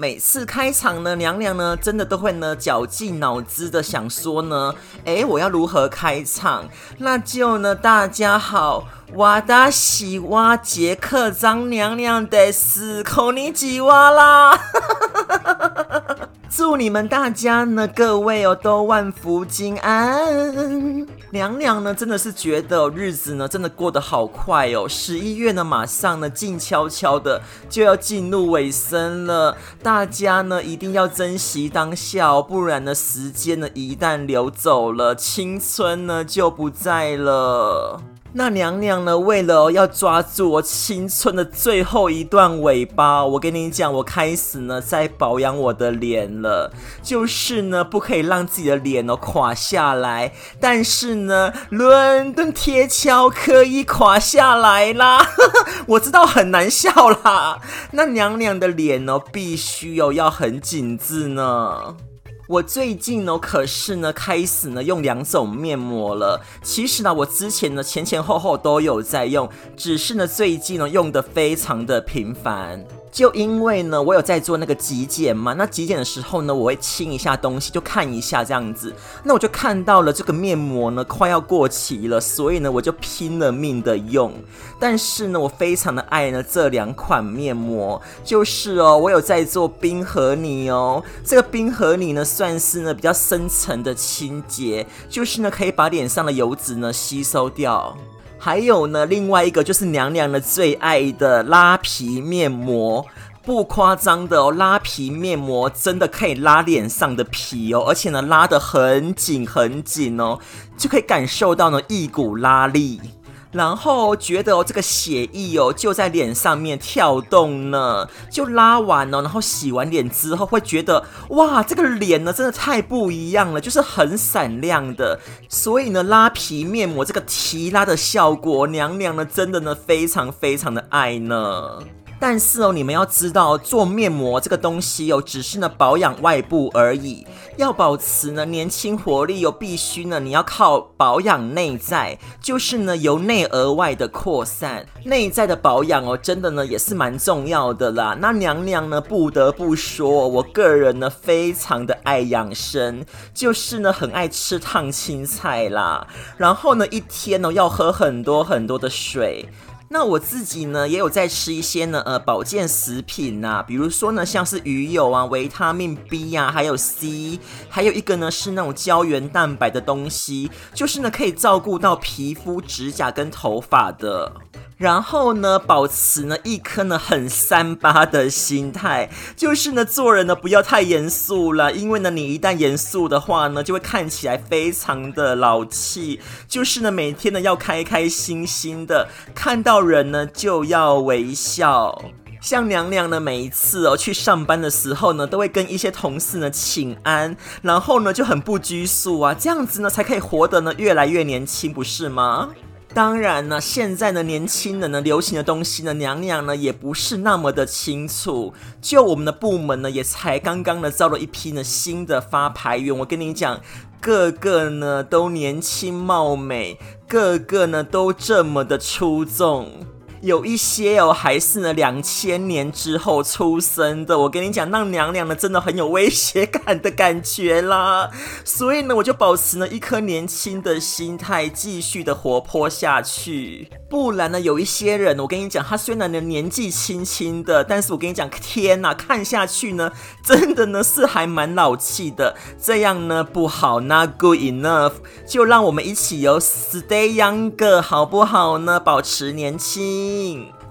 每次開場呢，娘娘呢，真的都會呢絞盡腦汁的想說呢，哎、欸，我要如何開場？那就呢，大家好，哇達西哇杰克張娘娘的斯孔尼吉哇啦。 祝你們大家呢，各位哦、喔，都萬福金安。娘娘呢，真的是覺得、喔、日子呢，真的過得好快哦、喔。十一月呢，馬上呢，靜悄悄的就要進入尾聲了。大家呢，一定要珍惜當下、喔，不然呢，時間呢，一旦流走了，青春呢，就不在了。那娘娘呢，為了、哦、要抓住我青春的最後一段尾巴，我跟你講，我開始呢，在保養我的臉了，就是呢，不可以讓自己的臉哦垮下來。但是呢，倫敦鐵橋可以垮下來啦， 我知道很難笑啦。那娘娘的臉哦，必須哦要很緊緻呢。我最近呢，可是呢，開始呢用兩種面膜了。其實呢，我之前呢前前後後都有在用，只是呢最近呢用得非常的頻繁。就因為呢，我有在做那個極簡嘛，那極簡的時候呢，我會清一下東西，就看一下這樣子，那我就看到了這個面膜呢快要過期了，所以呢我就拼了命的用。但是呢，我非常的愛呢這兩款面膜，就是哦，我有在做冰河泥哦，這個冰河泥呢算是呢比較深層的清潔，就是呢可以把臉上的油脂呢吸收掉。還有呢，另外一個就是娘娘的最愛的拉皮面膜，不誇張的哦，拉皮面膜真的可以拉臉上的皮哦，而且呢，拉得很緊很緊哦，就可以感受到呢一股拉力。然後覺得、哦、這個血液哦就在臉上面跳動呢，就拉完哦，然後洗完臉之後會覺得哇，這個臉呢真的太不一樣了，就是很閃亮的。所以呢，拉皮面膜這個提拉的效果，娘娘呢真的呢非常非常的愛呢。但是哦，你們要知道，做面膜這個東西哦，只是呢保養外部而已。要保持呢年輕活力哦，又必須呢你要靠保養內在，就是呢由內而外的擴散。內在的保養哦，真的呢也是蠻重要的啦。那娘娘呢，不得不說，我個人呢非常的愛養生，就是呢很愛吃燙青菜啦，然後呢一天呢哦，要喝很多很多的水。那我自己呢，也有在吃一些呢，呃，保健食品吶、啊，比如說呢，像是魚油啊、維他命 B 啊，還有 C，還有一個呢是那種膠原蛋白的東西，就是呢可以照顧到皮膚、指甲跟頭髮的。然後呢，保持呢一顆呢很三八的心態，就是呢做人呢不要太嚴肅了，因為呢你一旦嚴肅的話呢，就會看起來非常的老氣。就是呢每天呢要開開心心的看到。人呢就要微笑，像娘娘呢每一次哦去上班的時候呢，都會跟一些同事呢請安，然後呢就很不拘束啊，這樣子呢才可以活得呢越來越年輕，不是嗎？當然呢、啊，現在的年輕人呢流行的東西呢，娘娘呢也不是那麼的清楚，就我們的部門呢也才剛剛呢招了一批呢新的發牌員，我跟你講。個個呢都年輕貌美，個個呢都這麼的出眾，有一些哦、喔、還是呢兩千年之後出生的。我跟你講，那娘娘呢真的很有威脅感的感覺啦，所以呢我就保持了一顆年輕的心態，繼續的活潑下去。不然呢，有一些人，我跟你講，他雖然呢年紀輕輕的，但是我跟你講，天吶，看下去呢，真的呢是還蠻老氣的。這樣呢不好，Not good enough。就讓我們一起游、哦、Stay Younger，好不好呢？保持年輕。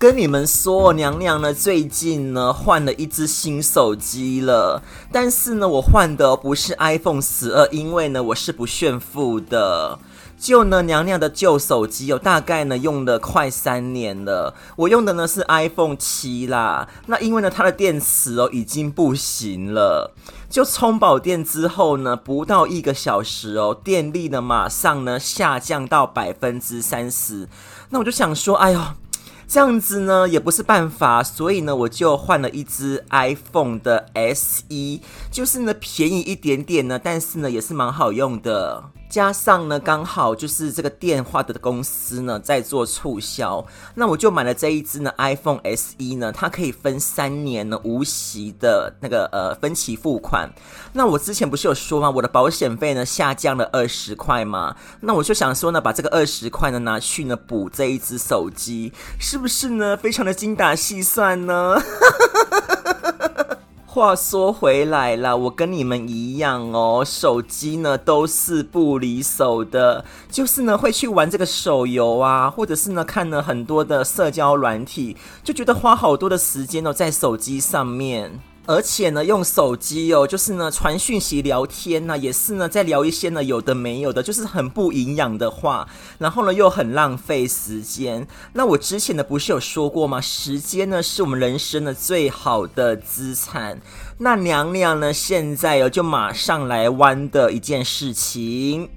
跟你們說，娘娘呢最近呢換了一只新手機了，但是呢我換的不是 iPhone 十二，因為呢我是不炫富的。就呢娘娘的舊手機有、哦、大概呢用了快三年了，我用的呢是 iPhone 七啦。那因為呢它的電池哦已經不行了，就充飽電之後呢不到一個小時哦，電力呢馬上呢下降到百分之三十。那我就想說，哎呦。這樣子呢也不是辦法，所以呢我就換了一支 iPhone 的 S e，就是呢便宜一點點呢，但是呢也是蠻好用的。加上呢，剛好就是這個電話的公司呢在做促銷，那我就買了這一只呢 iPhone SE 呢，它可以分三年呢無息的那個呃分期付款。那我之前不是有說嗎？我的保險費呢下降了二十塊嘛，那我就想說呢，把這個二十塊呢拿去呢補這一只手機，是不是呢非常的精打細算呢？哈哈哈哈。話說回來了，我跟你們一樣哦，手機呢都是不離手的，就是呢會去玩這個手遊啊，或者是呢看了很多的社交軟體，就覺得花好多的時間哦，在手機上面。而且呢，用手機哦，就是呢，傳訊息、聊天呢、啊，也是呢，在聊一些呢有的沒有的，就是很不營養的話，然後呢，又很浪費時間。那我之前呢，不是有說過嗎？時間呢，是我們人生的最好的資產。那娘娘呢，現在哦，就馬上來 wonder 一件事情，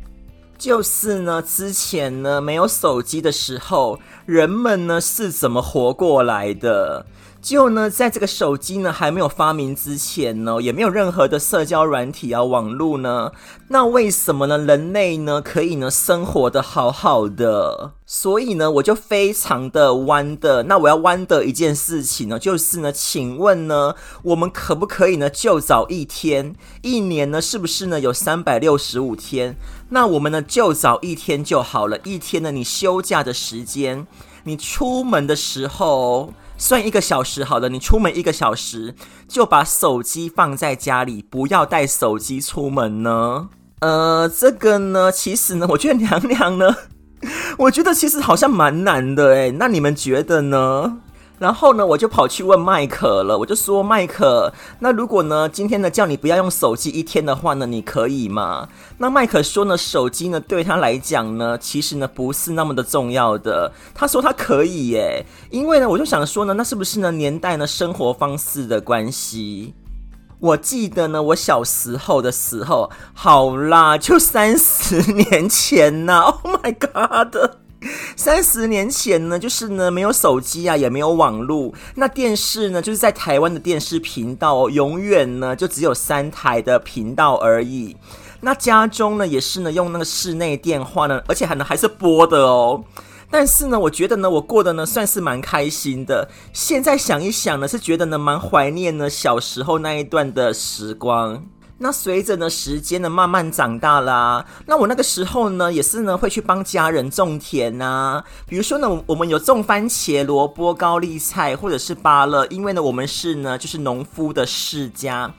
就是呢，之前呢，沒有手機的時候，人們呢是怎麼活過來的？就呢，在這個手機呢還沒有發明之前呢，也沒有任何的社交軟體啊、網絡呢，那為什麼呢？人類呢可以呢生活得好好的，所以呢，我就非常的 wonder。那我要 wonder 一件事情呢，就是呢，請問呢，我們可不可以呢就早一天？一年呢是不是呢有三百六十五天？那我們呢就早一天就好了。一天呢，你休假的時間，你出門的時候。算一個小時好了，你出門一個小時就把手機放在家裡，不要帶手機出門呢。呃，這個呢，其實呢，我覺得娘娘呢，我覺得其實好像蠻難的。誒，那你們覺得呢？然後呢，我就跑去問麥克了。我就說，麥克，那如果呢，今天呢叫你不要用手機一天的話呢，你可以嗎？那麥克說呢，手機呢對他來講呢，其實呢不是那麼的重要的。他說他可以耶，因為呢，我就想說呢，那是不是呢年代呢生活方式的關係？我記得呢，我小時候的時候，好啦，就三十年前啦，Oh my God！三十年前呢，就是呢沒有手機啊，也沒有網絡。那電視呢，就是在台灣的電視頻道哦，永遠呢就只有三台的頻道而已。那家中呢也是呢用那個室內電話呢，而且還能還是播的哦。但是呢，我覺得呢我過得呢算是蠻開心的。現在想一想呢，是覺得呢蠻懷念呢小時候那一段的時光。那隨着呢時間呢慢慢長大啦、啊，那我那個時候呢也是呢會去幫家人種田吶、啊，比如說呢我們有種番茄、蘿蔔、高麗菜或者是芭樂，因為呢我們是呢就是農夫的世家。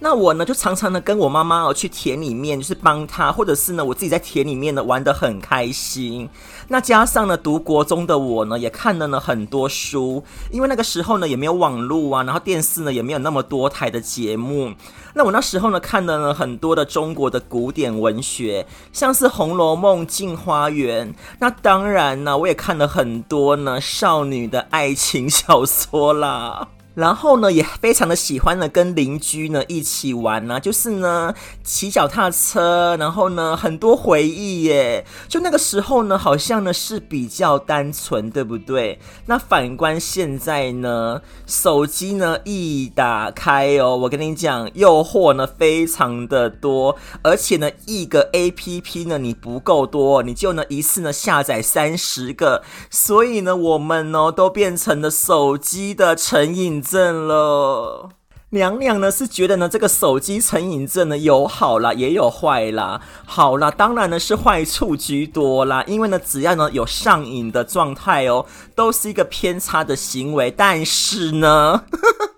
那我呢，就常常呢跟我媽媽哦去田裡面，就是幫她，或者是呢我自己在田裡面呢玩得很開心。那加上呢讀國中的我呢，也看了呢很多書，因為那個時候呢也沒有網絡啊，然後電視呢也沒有那麼多台的節目。那我那時候呢看了呢很多的中國的古典文學，像是《紅樓夢》《鏡花緣》。那當然呢，我也看了很多呢少女的愛情小說啦。然後呢，也非常的喜歡呢，跟鄰居呢一起玩啊，就是呢騎腳踏車，然後呢很多回憶耶。就那個時候呢，好像呢是比較單純，對不對？那反觀現在呢，手機呢一打開哦，我跟你講，誘惑呢非常的多，而且呢一個 APP 呢你不夠多，你就呢一次呢下載三十個，所以呢我們呢都變成了手機的成癮症。正了，娘娘呢是覺得呢，這個手機成癮症呢有好啦，也有壞啦。好啦，當然呢是壞處居多啦，因為呢只要呢有上癮的狀態哦，都是一個偏差的行為。但是呢，呵呵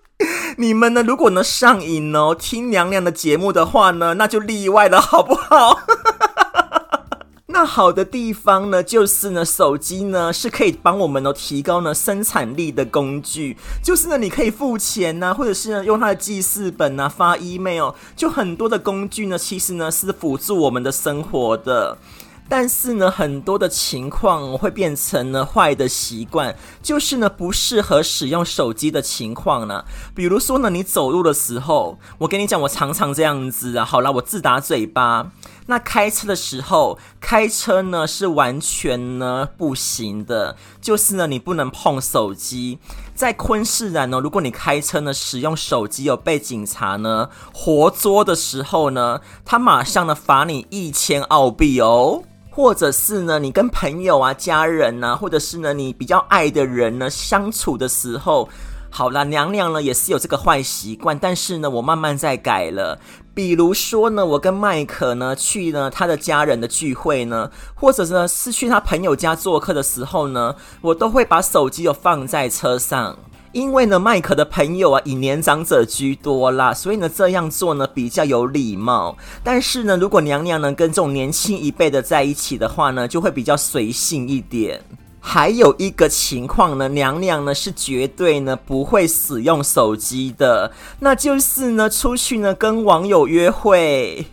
你們呢如果呢上癮哦、喔，聽娘娘的節目的話呢，那就例外了，好不好？那好的地方呢，就是呢，手機呢是可以幫我們呢、哦、提高呢生產力的工具，就是呢，你可以付錢吶、啊，或者是呢用它的記事本啊發 email，就很多的工具呢其實呢是輔助我們的生活的，但是呢很多的情況會變成呢壞的習慣，就是呢不適合使用手機的情況呢，比如說呢你走路的時候，我跟你講，我常常這樣子啊，好啦，我自打嘴巴。那開車的時候，開車呢是完全呢不行的，就是呢你不能碰手機。在昆士蘭呢，如果你開車呢使用手機有被警察呢活捉的時候呢，他馬上呢罰你一千澳幣哦，或者是呢你跟朋友啊、家人啊，或者是呢你比較愛的人呢相處的時候，好啦，娘娘呢也是有這個壞習慣，但是呢我慢慢在改了。比如說呢，我跟麥克呢去呢他的家人的聚會呢，或者是呢是去他朋友家做客的時候呢，我都會把手機有放在車上，因為呢麥克的朋友啊以年長者居多啦，所以呢這樣做呢比較有禮貌。但是呢，如果娘娘能跟這種年輕一輩的在一起的話呢，就會比較隨性一點。還有一個情況呢，娘娘呢是絕對呢不會使用手機的，那就是呢出去呢跟網友約會。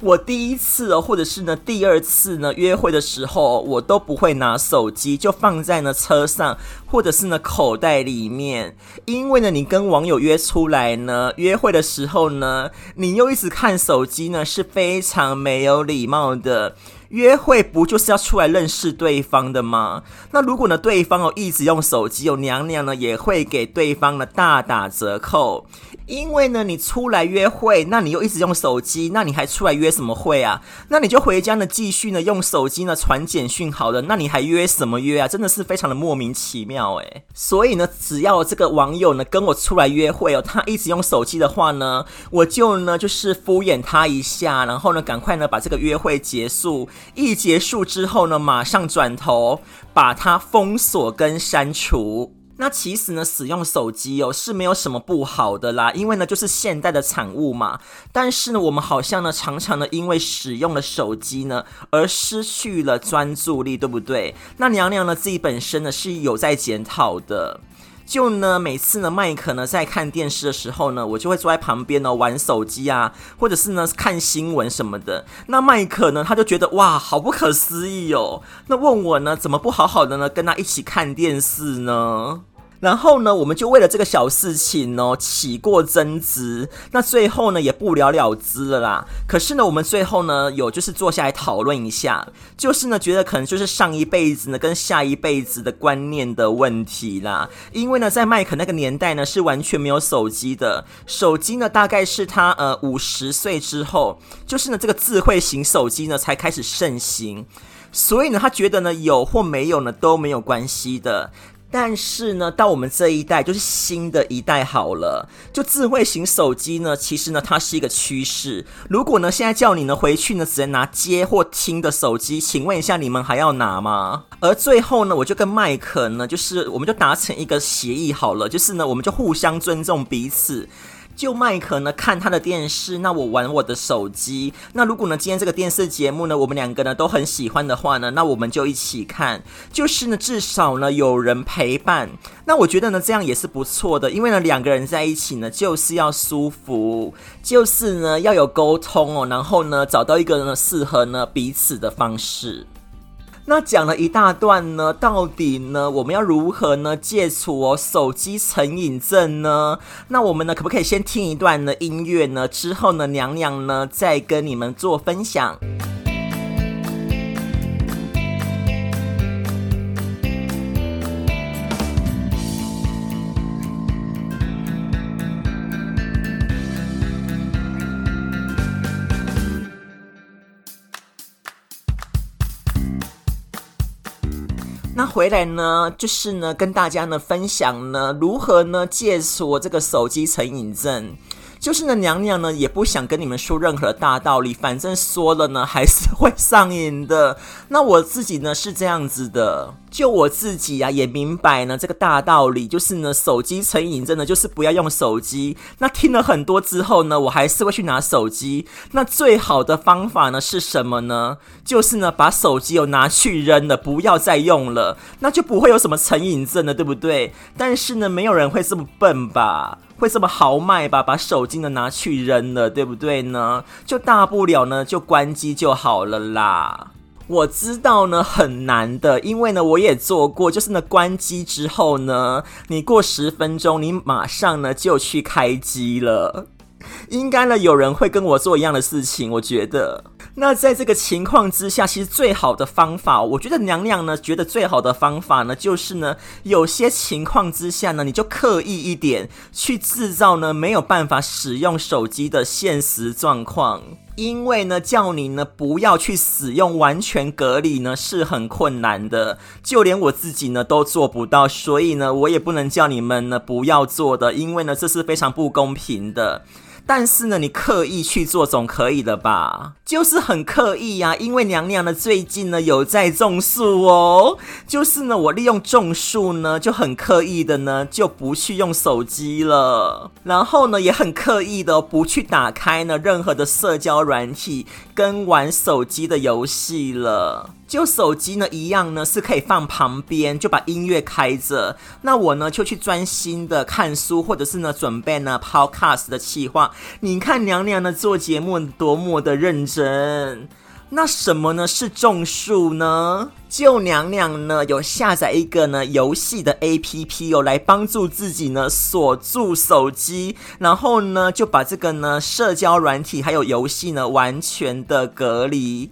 我第一次哦，或者是呢第二次呢約會的時候，我都不會拿手機，就放在呢車上，或者是呢口袋裡面。因為呢，你跟網友約出來呢約會的時候呢，你又一直看手機呢，是非常沒有禮貌的。約會不就是要出來認識對方的嗎？那如果呢，對方哦一直用手機，哦，有娘娘呢也會給對方呢大打折扣，因為呢你出來約會，那你又一直用手機，那你還出來約什麼會啊？那你就回家呢繼續呢用手機呢傳簡訊好了，那你還約什麼約啊？真的是非常的莫名其妙誒、欸。所以呢，只要這個網友呢跟我出來約會哦，他一直用手機的話呢，我就呢就是敷衍他一下，然後呢趕快呢把這個約會結束。一結束之後呢，馬上轉頭把它封鎖跟刪除。那其實呢，使用手機哦，是沒有什麼不好的啦，因為呢就是現代的產物嘛。但是呢，我們好像呢常常呢因為使用了手機呢而失去了專注力，對不對？那娘娘呢自己本身呢是有在檢討的。就呢，每次呢，麥克呢在看電視的時候呢，我就會坐在旁邊呢、哦、玩手機啊，或者是呢看新聞什麼的。那麥克呢，他就覺得哇，好不可思議哦。那問我呢，怎麼不好好的呢跟他一起看電視呢？然後呢，我們就為了這個小事情，呢、哦、起過爭執，那最後呢也不了了之了啦。可是呢，我們最後呢有就是坐下來討論一下，就是呢覺得可能就是上一輩子呢跟下一輩子的觀念的問題啦。因為呢，在麥克那個年代呢是完全沒有手機的，手機呢大概是他呃五十歲之後，就是呢這個智慧型手機呢才開始盛行，所以呢他覺得呢有或沒有呢都沒有關係的。但是呢，到我們這一代就是新的一代好了，就智慧型手機呢，其實呢它是一個趨勢。如果呢現在叫你呢回去呢，只能拿接或聽的手機，請問一下你們還要拿嗎？而最後呢，我就跟麥克呢，就是我們就達成一個協議好了，就是呢我們就互相尊重彼此。就麥克呢看他的電視，那我玩我的手機。那如果呢今天這個電視節目呢我們兩個呢都很喜歡的話呢，那我們就一起看。就是呢至少呢有人陪伴。那我覺得呢這樣也是不錯的，因為呢兩個人在一起呢就是要舒服，就是呢要有溝通哦，然後呢找到一個呢適合呢彼此的方式。那講了一大段呢，到底呢我們要如何呢戒除哦手機成癮症呢？那我們呢可不可以先聽一段的音樂呢？之後呢娘娘呢再跟你們做分享。回來呢，就是呢，跟大家呢分享呢，如何呢，戒除這個手機成癮症。就是呢，娘娘呢也不想跟你們說任何的大道理，反正說了呢還是會上癮的。那我自己呢是這樣子的，就我自己啊也明白呢這個大道理，就是呢手機成癮症呢，就是不要用手機。那聽了很多之後呢，我還是會去拿手機。那最好的方法呢是什麼呢？就是呢把手機又、哦、拿去扔了，不要再用了，那就不會有什麼成癮症的，對不對？但是呢沒有人會這麼笨吧。會這麼豪邁吧？把手機呢拿去扔了，對不對呢？就大不了呢就關機就好了啦。我知道呢很難的，因為呢我也做過，就是呢關機之後呢，你過十分鐘你馬上呢就去開機了。應該呢有人會跟我做一樣的事情，我覺得。那在這個情況之下，其實最好的方法，我覺得娘娘呢覺得最好的方法呢，就是呢有些情況之下呢，你就刻意一點去制造呢沒有辦法使用手機的現實狀況，因為呢叫你呢不要去使用，完全隔離呢是很困難的，就連我自己呢都做不到，所以呢我也不能叫你們呢不要做的，因為呢這是非常不公平的。但是呢，你刻意去做總可以的吧？就是很刻意呀，啊，因為娘娘呢最近呢有在種樹哦，就是呢我利用種樹呢就很刻意的呢就不去用手機了，然後呢也很刻意的、哦、不去打開呢任何的社交軟體。跟玩手機的遊戲了，就手機呢一樣呢，是可以放旁邊，就把音樂開着。那我呢就去專心的看書，或者是呢準備呢 podcast 的企劃。你看娘娘呢做節目多麼的認真。那什麼呢？是種樹呢？就娘娘呢有下載一個呢遊戲的 A P P 哦，有來幫助自己呢鎖住手機，然後呢就把這個呢社交軟體還有遊戲呢完全的隔離。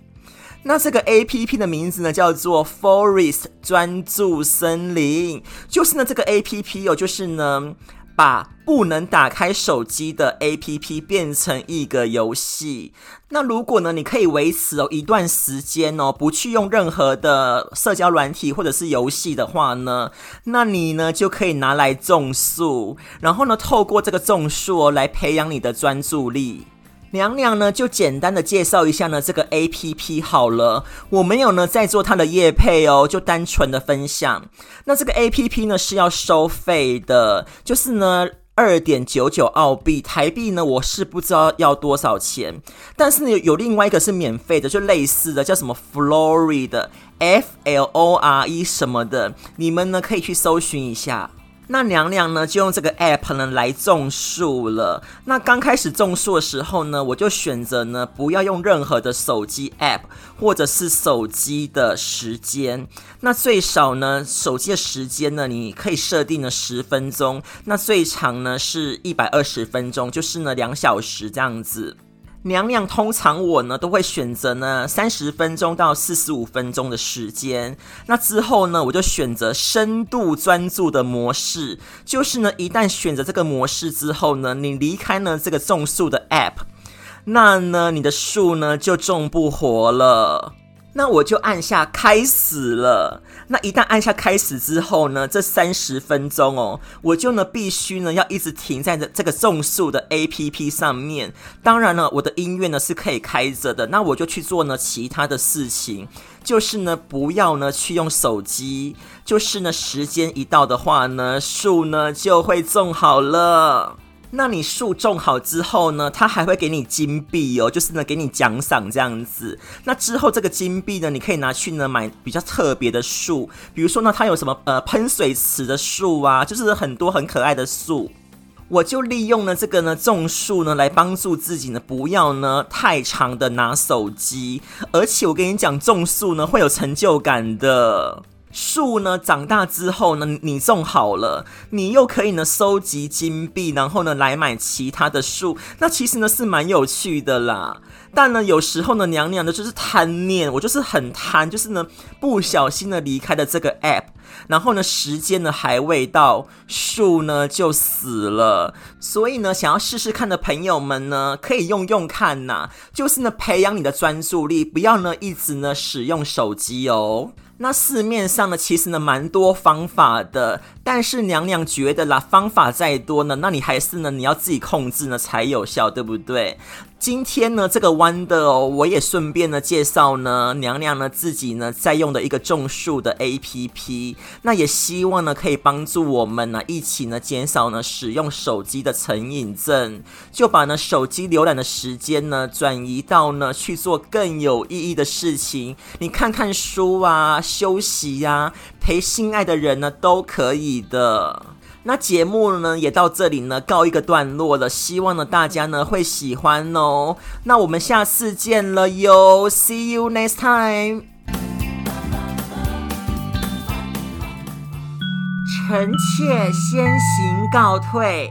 那這個 A P P 的名字呢叫做 Forest 專注森林，就是呢這個 A P P 哦，就是呢。把不能打開手機的 APP 變成一個遊戲。那如果呢，你可以維持哦一段時間哦，不去用任何的社交軟體或者是遊戲的話呢，那你呢就可以拿來種樹，然後呢透過這個種樹哦來培養你的專注力。娘娘呢，就簡單的介紹一下呢這個 A P P 好了，我沒有呢在做它的業配哦，就單純的分享。那這個 A P P 呢是要收費的，就是呢二點九九澳幣，台幣呢我是不知道要多少錢，但是呢有另外一個是免費的，就類似的叫什麼 Flory 的 F L O R E 什麼的，你們呢可以去搜尋一下。那娘娘呢，就用這個 app 呢來種樹了。那剛開始種樹的時候呢，我就選擇呢不要用任何的手機 app 或者是手機的時間。那最少呢，手機的時間呢，你可以設定呢十分鐘。那最長呢是一百二十分鐘，就是呢兩小時這樣子。娘娘，通常我呢都會選擇呢三十分鐘到四十五分鐘的時間，那之後呢我就選擇深度專注的模式，就是呢一旦選擇這個模式之後呢，你離開呢這個種樹的 App，那呢你的樹呢就種不活了。那我就按下開始了。那一旦按下開始之後呢，這三十分鐘哦，我就呢必須呢要一直停在這這個種樹的 APP 上面。當然了，我的音樂呢是可以開着的。那我就去做呢其他的事情，就是呢不要呢去用手機，就是呢時間一到的話呢，樹呢就會種好了。那你樹種好之後呢，它還會給你金幣哦，就是呢給你獎賞這樣子。那之後這個金幣呢，你可以拿去呢買比較特別的樹，比如說呢它有什麼呃噴水池的樹啊，就是很多很可愛的樹。我就利用呢這個呢種樹呢來幫助自己呢不要呢太長的拿手機，而且我跟你講，種樹呢會有成就感的。樹呢長大之後呢你，你種好了，你又可以呢收集金幣，然後呢來買其他的樹。那其實呢是蠻有趣的啦。但呢有時候呢娘娘呢就是貪念，我就是很貪，就是呢不小心呢離開了這個 app，然後呢時間呢還未到，樹呢就死了。所以呢想要試試看的朋友們呢，可以用用看吶、啊，就是呢培養你的專注力，不要呢一直呢使用手機哦。那市面上呢，其實呢，蠻多方法的，但是娘娘覺得啦，方法再多呢，那你還是呢，你要自己控制呢，才有效，對不對？今天呢，這個 wonder 哦，我也順便呢介紹呢，娘娘呢自己呢在用的一個種樹的 APP，那也希望呢可以幫助我們呢、啊、一起呢減少呢使用手機的成癮症，就把呢手機瀏覽的時間呢轉移到呢去做更有意義的事情，你看看書啊，休息呀、啊，陪心愛的人呢都可以的。那節目呢也到這裡呢，告一個段落了。希望呢大家呢會喜歡哦。那我們下次見了喲，See you next time！臣妾先行告退。